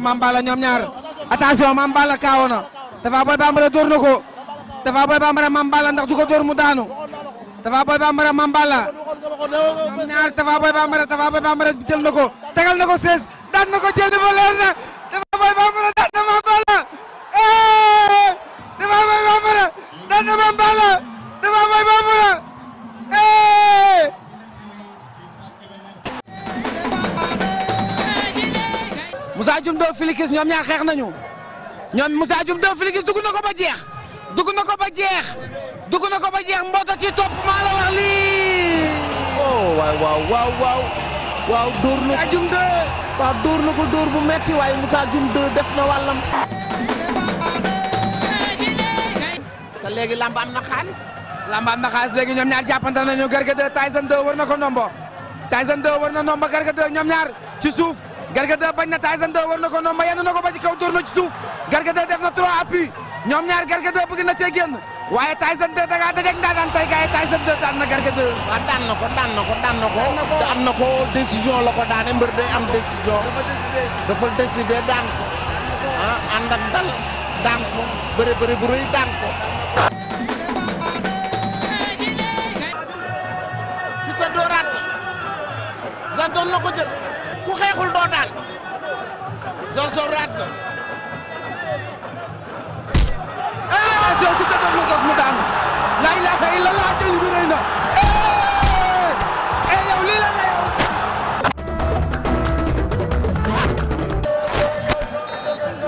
Mame Balla ñoom a attention Mame Balla kaawo na Tapha Boy Bambara dóor na ko Tapha Boy Bambara Mame Balla ndax du ko dóor mu daanu Tapha Boy Bambara Mame Balla ñoom ñaar Tapha Boy Bambara Tapha Boy Bambara jël ko tegal ko sees daan ko jël dafa leer na Boy Bambara daan na Mame eh! Boy Bambara Moussa Dioum doo Filikis ñoom ñaar xeex nañu ñoom Moussa Dioum Filikis dugg na ko ba jeex dugg na ko ba jeex ko ba jeex mboota ci topp maa la wax lii. oh waaw waaw waaw waaw. waaw dóor na ko dóor na ko dóor bu metti waaye Moussa Dioum de def na wàllam. te léegi lamb xaalis. lamb na xaalis léegi ñoom ñaar jàppante nañu Garga 2 Tyson 2 war na ko nombo Tyson 2 war na nombo Garga 2 ñoom ñaar ci suuf. Garga 2 bañ na Tyson 2 war na ko noonu ma yenn na ko ba ci kaw dóor na ci suuf Garga 2 def na trois appui ñoom ñaar Garga 2 bëgg na cee waaye Tyson 2 da ngaa dajeeg daan na Garga 2. daan na ko daan na ko daan na ko. daan na ko décision la ko daane mbër day am décision. dafa décidé daan ko ah ànd ak dal daan ko bëri bëri bu daan ko. ku xeexul doo daan George George raat na ah George si la ilaha illa allah na eh, eh yow lii lan la yow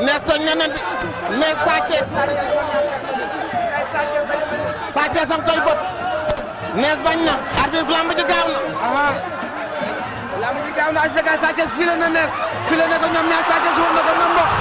nees tooñ na nan nees Sa Thiès Sa bët nees bañ na arbitre bi lamb ji gaaw na na HBK Sa Thiès file na nees file na ko ñoom ñaar Sa Thiès wër na ko ndombo